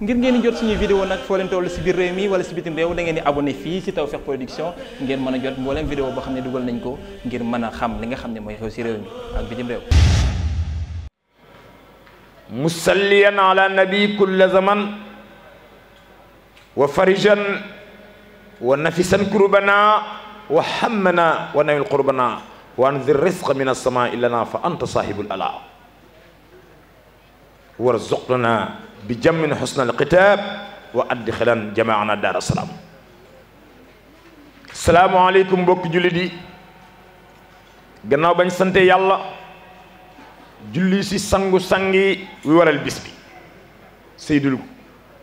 ngir ngeen di jot suñuy vidéo nag foo leen toll si biir réew mi wala si bitim réew da ngeen di abonné fii si Tawfekh Production ngeen mën a jot mbooleem vidéo boo xam ne dugal nañ ko ngir mën a xam li nga xam ne mooy xew si réew mi ak bitim réew musalliyan ala nabi kulla zaman wa farijan wa nafisan kurbana wa hammana wa nawil qurbana wa anzir rizqa min as-samaa'i lana fa anta saahibul ala warzuqna bi jammin xusna alkitaab wa adxilan jamaana daara salaam salaamualeykum mbokki jullit yi gannaaw bañ sante yàlla julli si sangu sangi wi waral bis bi seydul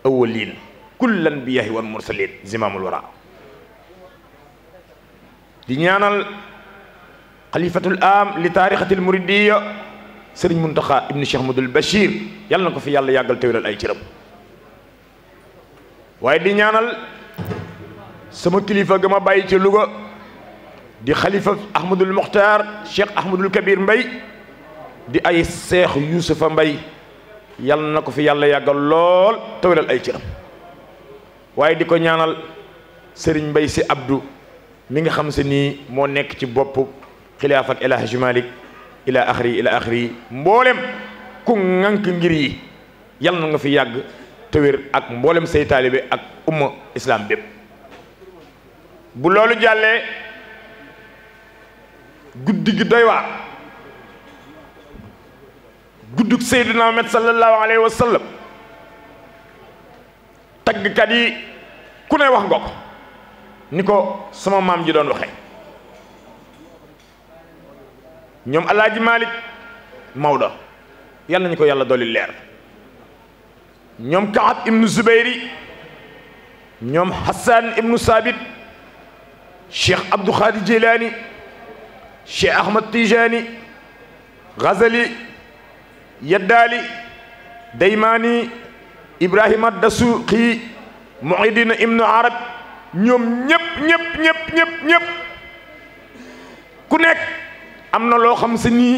awwaliin kull anbiyaahi wal mursaliin zimaamul wara di ñaanal xalifatul am li taarixatil muridiya sëriñ Muntaxa ibnu Cheikh Madul Bachir yàlla na ko fi yàlla yàggal te ay cëram waaye di ñaanal sama kilifa ga ma bàyyi ca Louga di xalifa Ahmadul Mokhtar Cheikh Ahmadul Kabir Mbay di ay seex Yuusufa Mbay yal na ko fi yàlla yàggal lool te wéral ay cëram waaye di ko ñaanal sëriñ Mbay si abdu mi nga xam si nii moo nekk ci bopp xilaaf ak El ila axri ila axri mboolem ku ŋànk ngir yi yal na nga fi yàgg te ak mboolem say taalibe ak umma islam bépp bu loolu jàllee guddi gi doy waa guddug Seydina Muhammad sallallahu alayhi wa sallam taggkat yi ku ne wax nga ko ni ko sama maam ji doon waxee ñoom alaaji Malick Maodo yal nañu ko yàlla dolli leer ñoom Kaab ibnu Zubayri ñoom Hassan ibnu Sabit Cheikh Abdou Khadi Jilani Cheikh Ahmad Tijani Ghazali Yaddali Daymani Ibrahima Dasuqi Muhyiddin ibnu Arab ñoom ñëpp ñëpp ñëpp ñëpp ku nekk am na loo xam si nii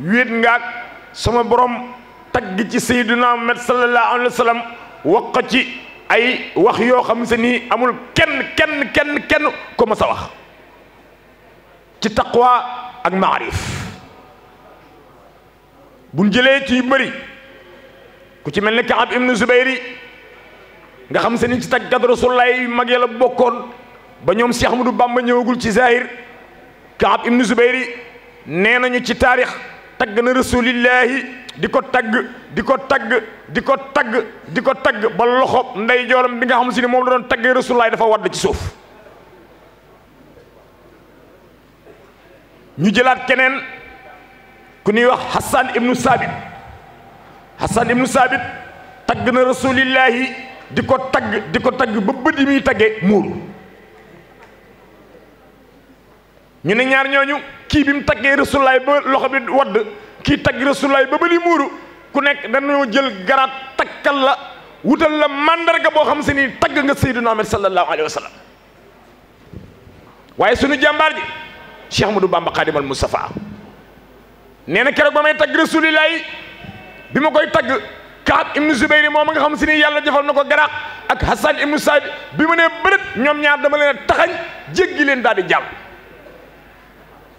wéet ngaak sama borom tagg ci sayyiduna Muhammad sallallahu alayhi wax ci ay wax yoo xam si nii amul kenn kenn kenn kenn ko ma sa wax ci taqwa ak maarif buñ jëlee ci bëri ku ci mel ni Kaab ibnu Zubayri nga xam se ni ci taggat rasulullaay mag yàlla bokkoon ba ñoom Cheikh Ahmadou Bamba ñëwagul ci zahir Kaab ibnu Zubayri nee nañu ci taarix tagg na rasulillahi di ko tagg di ko tagg di ko tagg di ko tagg ba loxo nday jooram bi nga xam si ni moom la doon taggee rasulillahi dafa wadd ci suuf ñu jëlaat keneen ku ñuy wax Hassan ibnu Sabit Hassan ibnu Sabit tagg na rasulillahi di ko tagg di ko tagg ba bët yi muy taggee muuru ñu ne ñaar ñooñu kii bi mu taggee rasulaay ba loxo bi wadd kii tagg rasulaay ba ba bali muuru ku nekk dañoo jël garaat takkal la wutal la màndarga boo xam se ni tagg nga sayyiduna Muhammad sallallahu alayhi wa sallam waaye sunu jàmbaar ji Cheikh Ahmadou Bamba Khadimal Moustapha nee na keroog ba may tagg rasulillahi bi ma koy tagg Kaab ibnu Zubayr moom nga xam si ni yàlla defal na ko garaax ak Hassan ibnu Saad bi ma nee bërët ñoom ñaar dama leen a taxañ jéggi leen daal di jàll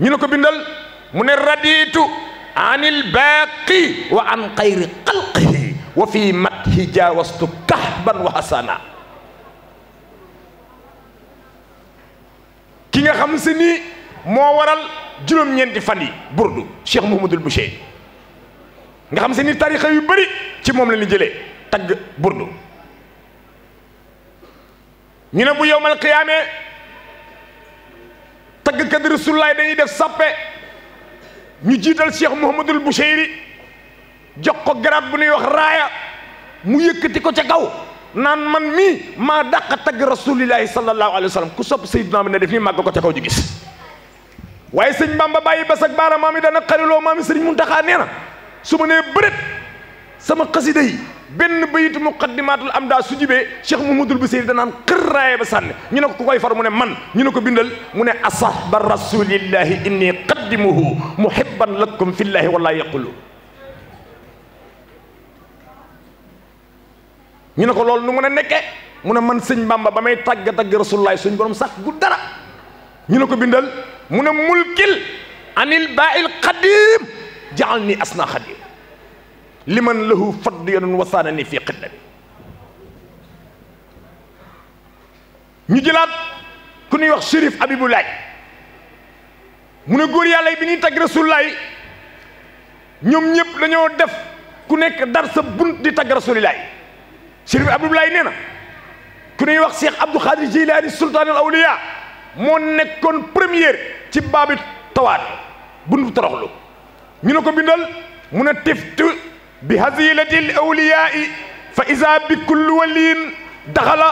ñu ne ko bindal mu ne raditu anil baaqi wa an xayri xalqihi wa fi mathi jaawastu kahban wa hasana ki nga xam moo waral juróom-ñeenti fan yi burdu Cheikh Mouhamadul Boucher nga xam se ni tarixa yu bari ci moom la ñu jëlee tagg burdu ñu ne bu yowmal qiyaamee taggkat Rasulullaay dañuy def sàppe ñu jiital Cheikh Mouhamadul Boucheyri jox ko garab bu nuy wax raaya mu yëkkati ko ca kaw naan man mii maa dàq tagg Rasulullaay sallallahu alayhi wa sallam ku sopp Seydina bi ne def nii màgg ko ca kaw ju gis waaye sëñ Bamba bàyyi bas ak baaraam maam yi dana xariloo maam sëñ mu Muntaxa nee na su ma nee bëreet sama xasida yi benn bayitu muqaddimatul am daa su jibee cheikh mamadul busiri danaan xërraaye ba sànni ñu ne ko ku koy far mu ne man ñu ne ko bindal mu ne asahba rasulillahi inni qaddimuhu muhibban lakum fillahi wala yaqulu ñu ne ko loolu nu mu ne nekkee mu ne man sëñ bamba ba may tàgg tàgg rasulullahi suñ borom sax gu dara ñu ne ko bindal mu ne mulkil anil bail qadim jaal ni asna xadim li man lahu fadd yadun wasaana ni fii xidda bi ñu jëlaat ku ñuy wax shérif abibulaay mu ne góor yàlla yi bi ñuy tag rasulilaay ñoom ñëpp dañoo def ku nekk dar sa bunt di tag rasulilaay shérif abibulaay nee na ku ñuy wax cheikh abdou xaadir jilaani sultaanul awliya moo nekkoon première ci baabi tawaat buntu toroxlu ñu ne ko bindal mu ne tiftu بهزيلة الأولياء فإذا بكل ولي دخل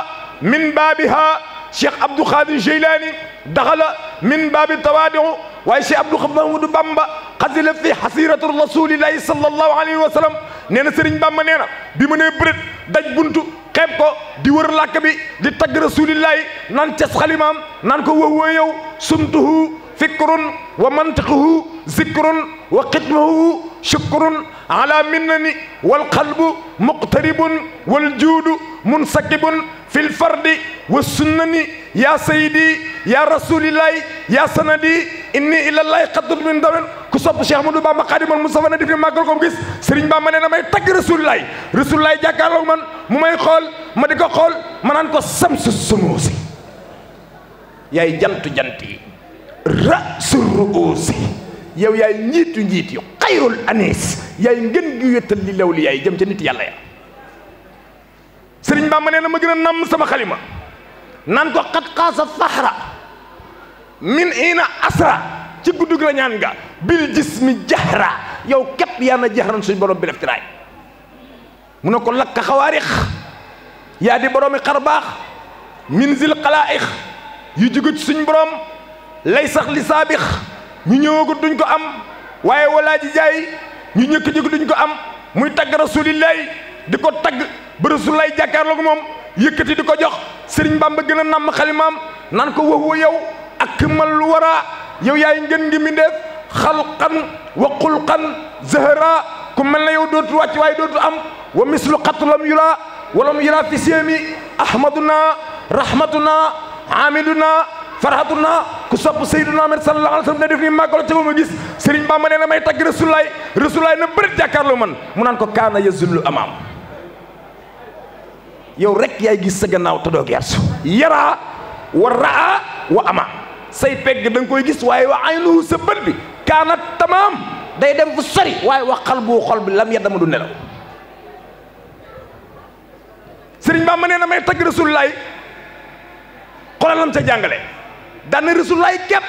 من بابها شيخ عبد القادر الجيلاني دخل من باب التواضع وشيخ عبد الخبر بامبا xasila fi xasiratu rasulillahi sallallahu alayhi wa sallam nee na sëriñ bàmba nee na bi mu nee bërit daj buntu xeeb ko di wër làkk bi di tagg rasulillahi naan ces xalimaam naan ko wowoo yow sumtuhu fikrun wa mantiquhu zikrun wa xitmuhu shukrun ala minnani walqalbu muqtaribun waljuudu munsakibun fi lfardi wassunnani ya sayidi ya rasulillahi ya sanadi inni ilallahi xaddut min damen ku sopp Cheikh Ahmadou Bamba Xaadimal Mustafa ne def ni màggal ko gis Sëriñ Bamba nee na may tagg rasulillahi rasulillahi jàkkaarloo man mu may xool ma di ko xool ma naan ko samsu sunuusi yaay jantu jant yi rasu ruusi yow yaay njiitu njiit yu xayrul anis yaay ngën gi wéttal li law jëm ca nit yàlla ya sëriñ Bamba nee na ma gën a namm sama xalima naan ko xat xaasa fahra min ina asra ci guddug la ñaan nga bil jismi jahra yow képp yaa na jahran suñ borom bi def tiraay mu ne ko lakka xawaarix yaa di boroomi xar baax min zil xalaix yu jóge ci suñ borom lay sax li saabix ñu ñëwagut duñ ko am waaye walaa ji jaay ñu ñëkk jëkk duñ ko am muy tagg rasulillahi di ko tagg ba rasulillahi jàkkaarloog moom yëkkati di ko jox sëriñ Bamba gën a namm xalimaam nan ko wax wa yow ak mal lu waraa yow yaay ngën ngi mi ndeef xalqan wa xulqan zahra ku mel na yow dootu wàcc waaye dootu am wa mislu xatlam yulaa walam yulaa fi séemi ahmaduna rahmatuna hamiduna farhatuna ku sopp sayyiduna Muhammad sallallahu alayhi wa sallam ne def ni màggalo ca ma gis na may tagg Rasulaay Rasulaay na bërit jàkkaarloo man mu naan ko kaana yazullu amaam yow rek yaay gis sa gannaaw te doo gersu yaraa wa raa wa amaam say pegg da koy gis waaye wa aynuhu sa bët bi kaanat tamaam day dem fu sori waaye wa qalbu xol bi lam yadama du nelaw Serigne Bamba nee na may tagg Rasulaay xoolalam ca jàngale dana rasulaay képp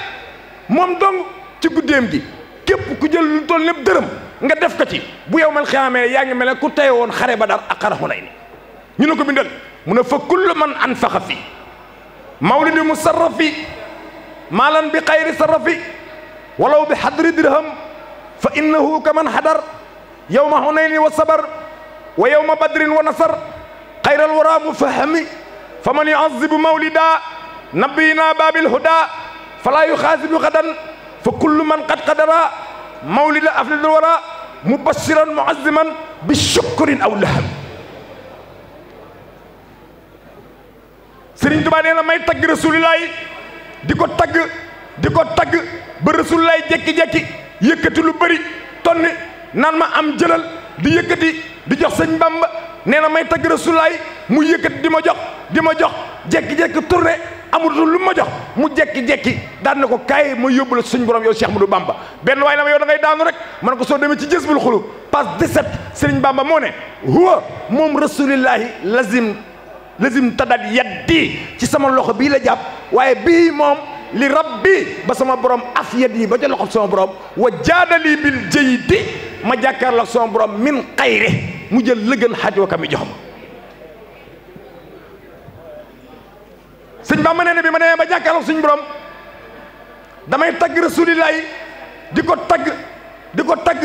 moom dong ci guddeem gi képp ku jël lu toll lépp dërëm nga def ko ci bu yow mel xiyaamee yaa ngi mel ne ku tey woon xare ba dar ak xare xunay ni ñu ne ko bindal mu ne fa kullu man anfaqa fi mawlidi musarrafi maalan bi xayri sarrafi walaw bi xadri dirham fa innahu ka man xadar yowma xunayni wa sabar wa yowma badrin wa nasar xayral waraa mu fahami fa man yuazibu mawlida nabiyina babil huda fala yuxaasibu xadan fa kullu man qad qadara mawlida aflidul wara mubashiran muazziman bi shukrin aw laham sëriñ Tuubaa nee may tagg rasulilaay di ko tagg di ko tagg ba rasulilaay jekki-jekki yëkkati lu bëri tonni naan ma am jëlal di yëkkati di jox sëñ Bamba nee na may tagg sulaay mu yëkkati di ma di ma jox jekki-jekki tourné amatul lu ma jox mu jekki-jekki daan na ko kaay ma yóbbu la suñ borom yow Cheikh Ahmadou Bamba benn waaye na ma yow da ngay daanu rek man ko soo demee ci jës bul xulub page 17 Serigne Bamba moo ne huwa moom rasulillahi lazim lazim tadat yaddi ci sama loxo bii la jàpp waaye bii moom li rabbi ba sama borom af yat yi ba ca loxo sama borom wa jaadali bil jëy di ma jàkkaarloo sama borom min xayri mu jël lëgën xaj wa mi jox ma suñ Bamba nee na bi ma demee ba jàkkaarloog suñ borom damay tagg rasulillahi di ko tagg di ko tagg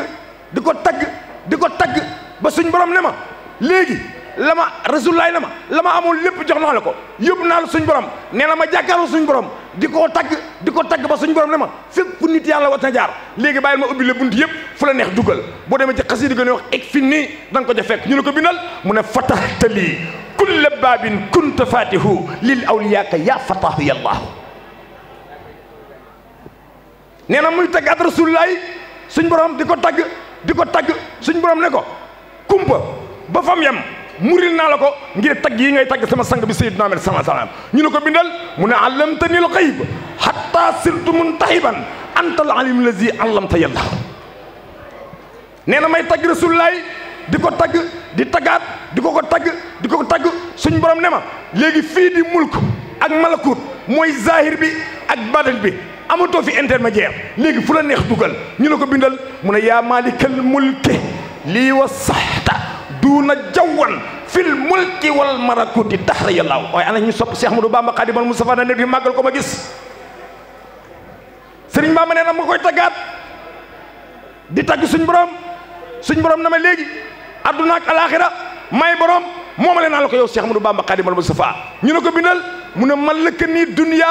di ko tagg di ko tagg ba suñ borom ne ma léegi la ma rasulillahi ne ma la ma amoon lépp jox naa la ko yóbbu naa la suñ borom nee na ma jàkkaarloog suñ borom di ko tagg di ko tagg ba suñu borom ne ma fépp nit yàlla wat na jaar léegi bàyyil ma ubbi la bunt yëpp fu la neex dugal boo demee ci xasida gën a wax eg fi nii da nga ko ja fekk ñu ne ko bindal mu ne fatahtali kulla baabin kunta fatihu lil awliyaaka yaa fatahu yallaahu nee na muy tagg at rasulullaay suñ borom di ko tagg di ko tagg suñ borom ne ko kumpa ba fam yam muril naa la ko ngir tagg yi ngay tagg sama sang bi sayyidina Muhammad sama alayhi ñu ne ko bindal mu ne allamtani al-ghayb hatta sirtu muntahiban anta al-alim allazi allamta yàlla nee na may tagg rasulullaay di ko tagg di taggaat di ko ko tagg di ko ko tagg suñ borom ne ma léegi fii di mulk ak malakut mooy zahir bi ak badal bi amatoo fi intermédiaire léegi fu la neex dugal ñu ne ko bindal mu ne yaa malikal mulki lii wa saxta duuna jawwan fil mulki wal malakuti dahra yàllaaw waaye ana ñu sopp Cheikh Ahmadou Bamba Xaadimal Mustafa na ne bi màggal ko ma gis sëriñ ma nee na ma koy taggaat di tagg suñ borom suñ borom na ma léegi adduna ak alaaxira may borom moomale naa la ko yow Cheikh Ahmadou Bamba Xaadimal Mustafa ñu ne ko bindal mu ne malaka nii dunya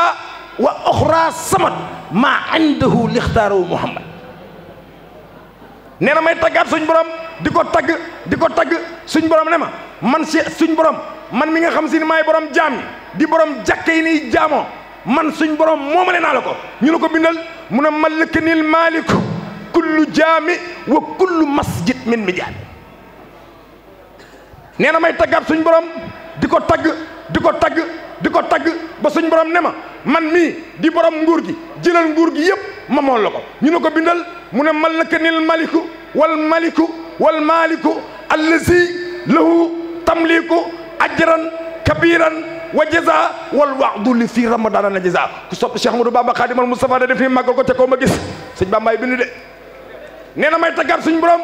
wa oxra samat maa indahu lixtaaru Muhammad nee na may taggaat suñ borom. di ko tagg di ko tagg suñ borom ne ma man si suñ borom man mi nga xam si ni maay borom jaam di borom jàkke yi nii jaamoo man suñ borom moo moomale naa la ko ñu ne ko bindal mu ne mallëkk nil maaliku kullu jaami wa kullu masjid min mi jaami nee na may taggaat suñ borom di ko tagg di ko tagg di ko tagg ba suñ borom ne ma man mii di borom nguur gi jëlal nguur gi yëpp ma mool la ko ñu ne ko bindal mu ne mallëkk nil maliku wal maliku wal maaliku allazi lahu tamliku ajran kabiran wa jaza wal wa'du li fi ramadana na jaza ku sopp Cheikh Ahmadou Bamba Khadimal Moustapha da def ni màggal ko te ko ma gis sëñ bambaay bindu de nee na may taggaat suñ borom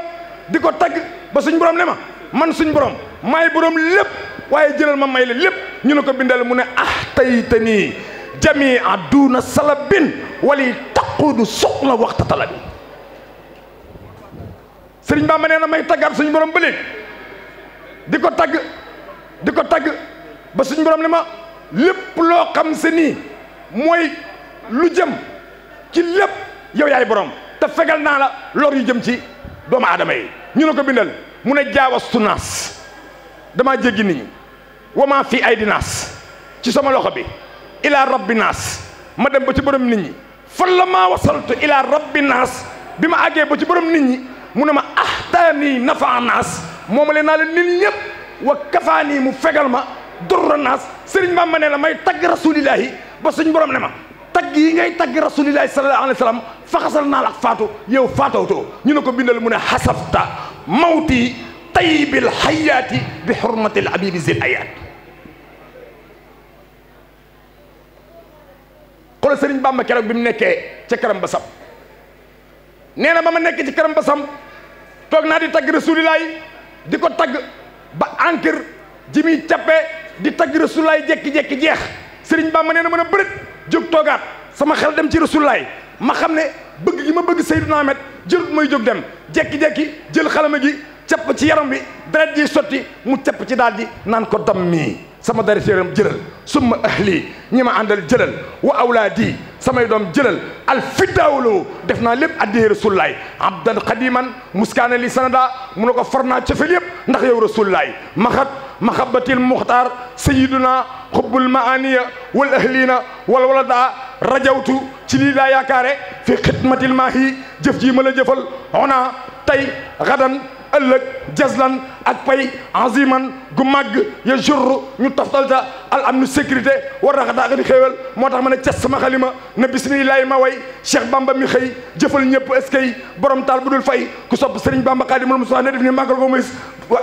di ko tagg ba suñ borom ne ma man suñ borom may borom lépp waaye jëlal ma may la lépp ñu ne ko bindal mu ne ah tey te nii jamii aduna salabin wali taqudu soxla waxta talabi sëriñ Bamba nee na may taggaat suñu borom ba di ko tagg di ko tagg ba suñu borom ne ma lépp loo xam se nii mooy lu jëm ci lépp yow yaay borom te fegal naa la lor yu jëm ci doomu aadama yi ñu ne ko bindal mu ne jaawastu naas dama jéggi nit ñi wamaa fii ay di naas ci sama loxo bi ilaa rabbi naas ma dem ba ci borom nit ñi fan la maa wasaltu ilaa rabbi naas bi ma àggee ba ci borom nit ñi mu ne ma ahtaanii nafa naas moomale naa leen nit ñëpp wa kafaanii mu fegal ma durra naas sëriñ Bamba ne la may tagg rasulillahi ba suñ borom ne ma tagg yi ngay tagg rasulillahi sallallahu alayhi wa sallam faxasal naa la faatu yow faatawtoo ñu ne ko bindal mu ne xasabta mawti tayyibil hayaati bi xurmatil abibi zil ayaat xoolal sëriñ Bamba keroog bi mu nekkee ca karam ba sab nee na ba ma nekk ci keram ba sam toog naa di tagg rasulilaay di ko tagg ba encre ji muy cappee di tagg rasulilaay jekki-jekki jeex sëriñ Bamba nee na ma a bërët jóg toogaat sama xel dem ci rasulilaay ma xam ne bëgg gi ma bëgg Seydina Ahmed jërut mooy jóg dem jekki-jekki jël xalama gi capp ci yaram wi deret ji sotti mu capp ci daal di naan ko dam mii sama dari téeram jëlal summa ahli ñi ma àndal jëlal wa awlaadi samay doom jëlal al fidaawloo def naa lépp addiyee rasulullaay abdan qadiman muskaana li sanada mu ne ko far naa cofel yépp ndax yow rasulullaay maxat mahabatil muxtaar sayiduna xubbul maaniya wal ahliina wal walada rajawtu ci lii laa yaakaare fi xidmatil maahi jëf jii ma la jëfal ona tay gadan ëllëg jazlan ak pay man gu màgg ya jurru ñu toftal ta al amnu sécurité war na daa di xéewal moo tax ma ne cas sama xalima ne bismillahi ma way Cheikh Bamba mi xëy jëfal ñëpp eskay borom taal bu dul fay ku sopp Serigne Bamba Xaadimul Mustafaa ne def ni màggal ko wa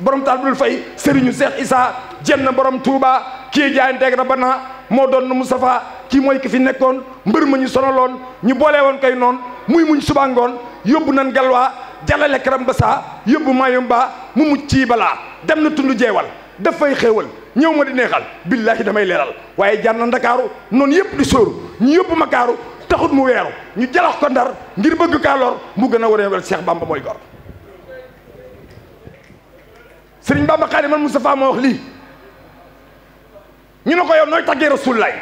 borom taal bu dul fay Serigne Cheikh Issa jenn borom Touba kii jaayanteeg rabana moo doon nu Moustapha kii mooy ki fi nekkoon mbër ma ñu sonaloon ñu boolee woon kay noonu muy muñ suba ngoon yóbbu nan galwaa jàllale karam ba saa yóbbu maayom baa mu mucc ci balaa dem na tund jeewal fay xéewal ñëw ma di neexal billaahi damay leeral waaye jaar na ndakaaru noonu yëpp di sóoru ñu yóbbu kaaru taxut mu weeru ñu jalax ko ndar ngir bëgg kaa lor mu gën a war a wel Cheikh Bamba mooy gor sëriñ Bamba Xaadimal Mustafaa moo wax lii ñu ne ko yow nooy taggee Rasulullaay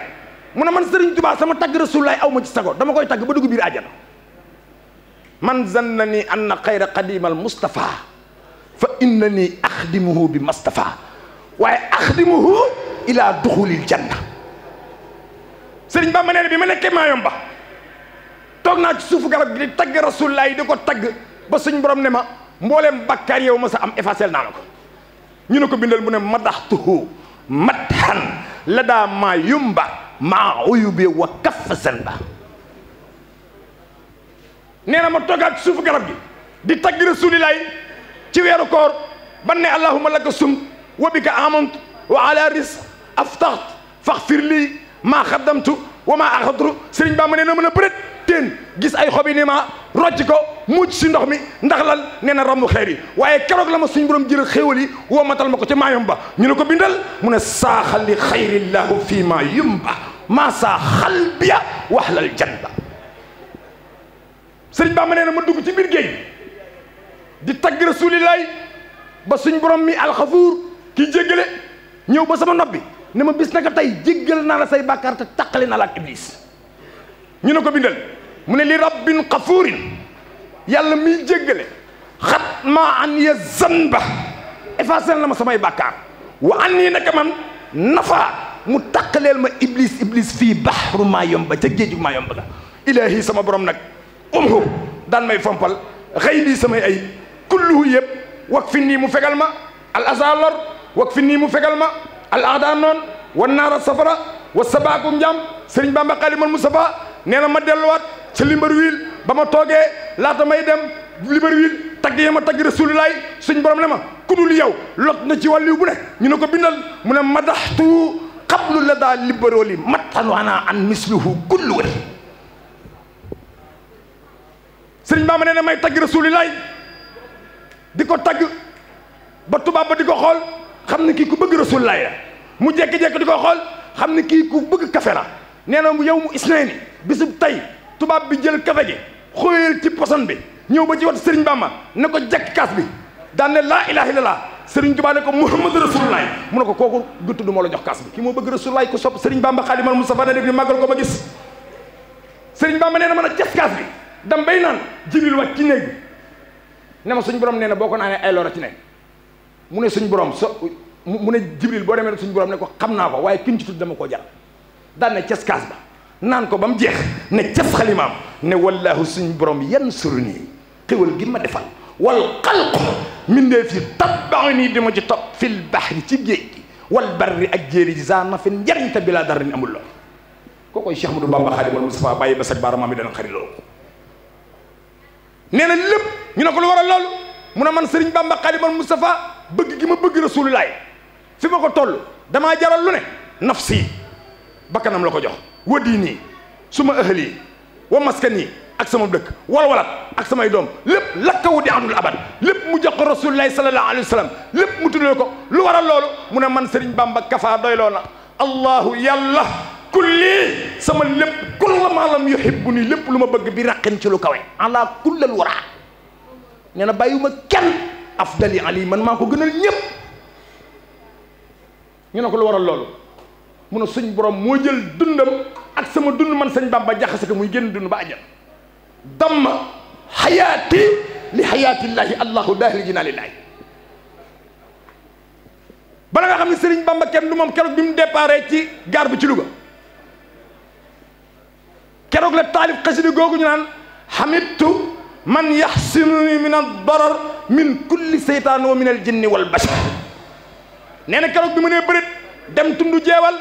mu ne man sëriñ Tuubaa sama tagg Rasulullaay aw ma ci sago dama koy tagg ba dugg biir àjjana man zanna ni anna xayra xadimal Mustafa fa inna ni axdimuhu bi Mustafa waaye axdimuhu ila duxulil janna sëriñ Bamba nee na bi ma nekkee Maayomba toog naa ci suufu garab gi di tagg rasulullah yi di ko tagg ba suñ borom ne ma mbooleem bakkaar yow ma sa am effacé naa ko ñu ne ko bindal mu ne madaxtuhu mathan la daa maa yumba maa uyube wa kaff zanba nee na ma toogaat ci suufu garab gi di tagg rasulilaay ci weeru koor ban ne allahuma laka sumt wa bika amantu wa ala ris aftaxt faxfir lii maa xaddamtu wa maa axadru sëriñ baa ma nee na mën a bërét teen gis ay xob yi ne ma rocc ko muuc si ndox mi ndax lan nee na romb xeer yi waaye keroog la ma suñ borom jël xéewal yi woo matal ma ko ca maayom ba ñu ne ko bindal mu ne saaxali xayrillahu fii maa yumba ma saa xalbiya waxlal la ba sëriñ ma nee na ma dugg ci biir géej di tagg rasulilaay ba suñ borom mi alxafuur kii jéggale ñëw ba sama nopp bi ne ma bis naka tey jéggal naa la say bàkkaar te taqale naa la ak ñu ne ko bindal mu ne li rabbin xafuurin yàlla miy jéggale xat maa an ya zanba effacé na ma samay bàkkaar wa an nii man nafa mu taqaleel ma iblis iblis fii baxru maa yomba ca géeju maa yomba ga ilaahi sama borom nag umhu daan may fompal xëy lii samay ay kulluhu yëpp wak fi nii mu fegal ma al asa lor wak fi nii mu fegal ma al ahda noon wa naara safara wa sabaaku njaam sëriñ bamba xaalimal mustafa nee na ma delluwaat ca Libreville ba ma toogee laata may dem Libreville tagg ya ma tagg rasulilaay suñ borom ne ma ku dul yow lot na ci wàlliw bu ne ñu ne ko bindal mu ne madaxtu qablu la daa libérooli mattanuanaa an misluhu kullu wali sëriñ Bamba nee na may tagg rasulilaay di ko tagg ba tubaab ba di ko xool xam ne kii ku bëgg rasulilaay la mu jékki-jékki di ko xool xam ne kii ku bëgg kafe la nee na mu yow mu isneeni bisub tey tubaab bi jël kafe gi xóoyal ci poson bi ñëw ba ci wat sëriñ Bamba ne ko jekk kaas bi daan ne laa ilaha illallah sëriñ Tuubaa ne ko Muhammad Rasulullaay mu ne ko kooku du tudd moo la jox kaas bi ki moo bëgg Rasulullaay ko sopp sëriñ Bamba Xaadimal Mustafa ne def ni màggal ko ma gis sëriñ Bamba nee na mën a bi dam bay naan jibril wàcc ci néeg bi ne ma suñ borom nee na boo ko naanee ay loro ci nekk mu ne suñ borom so mu ne jibril boo demee suñ borom ne ko xam naa ko waaye kin ci tudd dama ko jar daan ne ces kaas ba naan ko ba mu jeex ne ces xalimaam ne wallaahu suñ borom yan suru nii xéwal gi ma defal wal xalq mindeef yi tabbaxu nii di ma ci topp fil baxri ci géej gi wal barri ak jéeri ji saa na fi njariñ te bilaa dara ni amul la kookoy Cheikh Ahmadou Bamba Xaadimal ba saj dana xari nee na lépp ñu ne ko lu waral loolu mu ne man Serigne Bamba Xaadimal Mustafa bëgg gi ma bëgg Rasulullaay fi ma ko toll damaa jaral lu ne nafsi bakkanam la ko jox wa diini suma ahli wa maskani ak sama dëkk walwalat ak sama doom lépp lakkawu di amul abad lépp mu jox ko Rasulullaay sallallahu alayhi wa sallam lépp mu tuddee ko lu waral loolu mu ne man Serigne Bamba kafa doyloo na allahu yàlla kulli sama lépp kulla maalam yuhibbu nii lépp lu ma bëgg bi raqin ci lu kawe ala kullal wara nee na bàyyiwuma kenn afdali ali man maa ko gënal ñëpp ñu ne ko lu waral loolu mu ne suñ borom moo jël dundam ak sama dund man sañ Bamba jaxase ko muy génn dund ba ajal damm xayaati li xayaatillaahi allahu daahili jinaalillahi bala nga xam ne Sëriñ Bamba kenn du moom keroog bi mu déparé ci gaar bi ci Louga keroog la taalif xasida googu ñu naan tu man yaxsinuni min ad-darar min kulli seytaan wa min al-jinni wal bashar nee na keroog bi mu nee dem dem tundu jeewal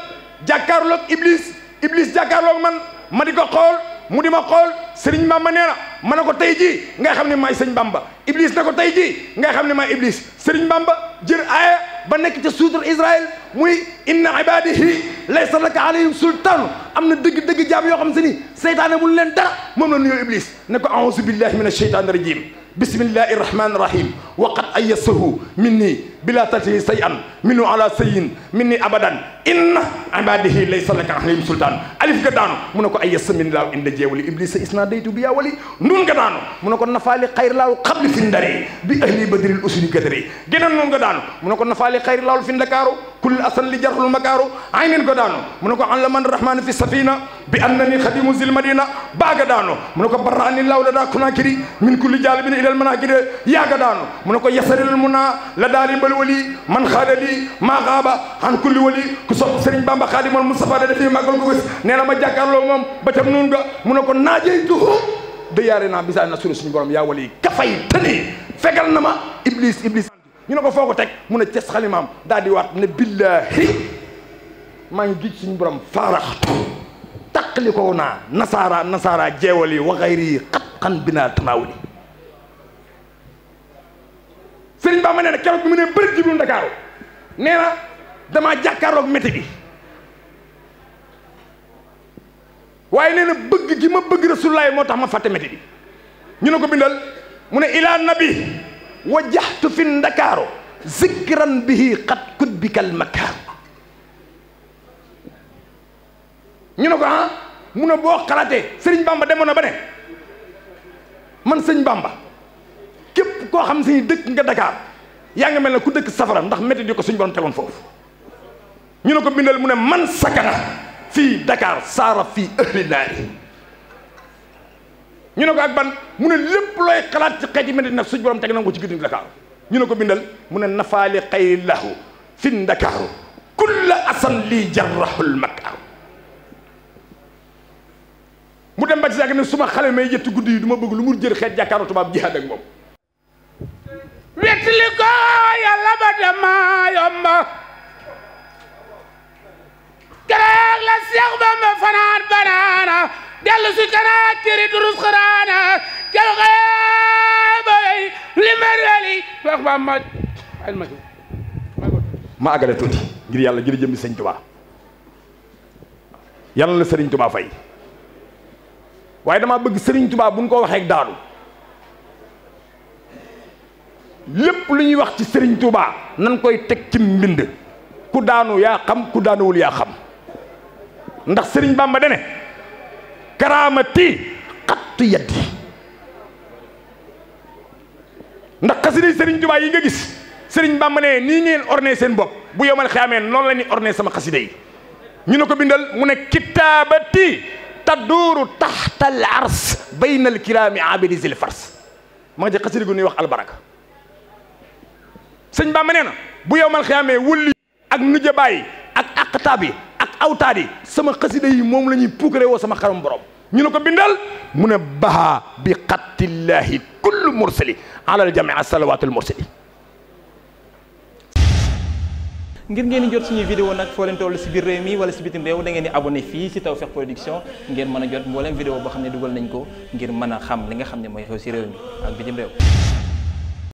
jàkkaarloog iblis iblis jàkkaarloog man ma di ko xool mu di ma xool sëriñ bamba nee na ma ne ko tey jii nga xam ne may sëñ mbamba iblis na ko tey jii nga xam ne maay iblis sëriñ bamba jër aaya ba nekk ca suudal Israël muy inna ibadihi laysa laka alayhim sultaan am na dëgg-dëgg jaam yoo xam se ni seytaane mënu leen dara moom la nuyoo Iblis ne ko auzu billahi min asheytaani rajim bismillahi rahmani rahim wa qad ayassahu minni bila tati say an minu ala sayin minni abadan inna ibadihi laysa laka alayhim sultan alif ga daanu mu ne ko ay yasamin laaw inda jeewali iblisa isna daytu bi yaa wali nun ga daanu mu ne ko nafaali xayri laaw xabli fi ndari bi ahli badril usri gadari geneen nun ga daanu mu ne ko nafaali xayri laaw fi ndakaaru kul asan li jarxul makaaru aynin ga daanu mu ne ko an la man rahman fi safina bi annani xadimu zil madina baa ga daanu mu ne ko barraani laaw la daa kunakiri min kulli jaalibin ilal manakiri yaa ga daanu mu ne ko yasaril muna la daari wal wali man xaada lii maa xaaba xan kulli wali ku sopp Serigne Bamba xaadimal Moustapha da defee màggal ko gis nee na ma jàkkaarloo moom ba ca nuun ga mu ne ko naajey duhu de yaare naa bisaa na sunu suñu borom yaa wali kafay tëni fegal na ma iblis iblis ñu ne ko foo ko teg mu ne ces xalimaam daal di waat ne billahi maa ngi gij suñu borom faaraxtu taqli ko naa nasaara nasaara jeewal yi waxayri xat xan binaa tanaaw li Sëriñ Bamba nee na keroog bi mu ne bëri jublu Ndakaaru nee na damaa jàkkaaroog métti bi waaye nee na bëgg gi ma bëgg Rasulullaay moo tax ma fàtte métti bi ñu ne ko bindal mu ne ilaa nabi wajaxtu fi Ndakaaru zikran bihi xat kut bi kal ñu ne ko ah mu ne boo xalaatee Sëriñ Bamba demoon na ba ne man sëñ Bamba koo xam si dëkk nga Dakar yaa ngi mel ne ku dëkk safara ndax métti di ko suñu borom tegoon foofu ñu ne ko bindal mu ne man sakana fii Dakar saara fii ëhli naari ñu ne ko ak ban mu ne lépp looy xalaat ci xeeti métti nag suñu borom teg na ko ci guddi Dakar ñu ne ko bindal mu ne nafaali xayrillahu fi ndakaaru kulla asan lii jarrahul makaaru mu dem ba ci sàgg ne su ma xale may yëtt guddi yi du ma bëgg lu mu jël xeet jàkkaaru tubaab jihaad ak moom wetli ko yàlla ba dama yomba kereeg la Seex Bamba fanaan banaana dellu si kanaa kiri durus xaraana kew xee ba wey li mer weli wax ma ma àggale tuuti ngir yàlla ngir jëmmi sëñ Tuubaa yàlla la sëriñ fay waaye dama bëgg sëriñ Tuubaa bu ñu ko waxee daanu lépp lu ñuy wax ci sëriñ Touba nan koy teg ci mbind ku daanu yaa xam ku daanuwul yaa xam ndax Serigne Bamba dene karaamati xattu yaddi ndax xasida Serigne Touba yi nga gis sëriñ Serigne ma ne nii ngeen orné seen bopp bu yomal xiyamee noonu la ñuy orné sama xasida yi ñu ne ko bindal mu ne kitaabati tadduuru taxta al ars bayna al kiraami abidi zil fars ma nga ci xasida gu nuy wax albaraka sëñ baa nee na bu yow ma xiyaamee wulli ak nuja bàyyi ak aqtaab yi ak awtaad yi sama xasida yi moom la ñuy puukare woo sama xaram borom ñu ne ko bindal mu ne baha bi xattillaahi kullu mursali alal jamia salawaatul mursali ngir ngeen di jot suñuy vidéo nag foo leen toll si biir mi wala si bitim réew da ngeen di abonné fii si Tawfekh Production ngeen mën a jot mbooleem vidéo boo xam ne dugal nañ ko ngir mën a xam li nga xam ne mooy xew si réew mi ak bitim réew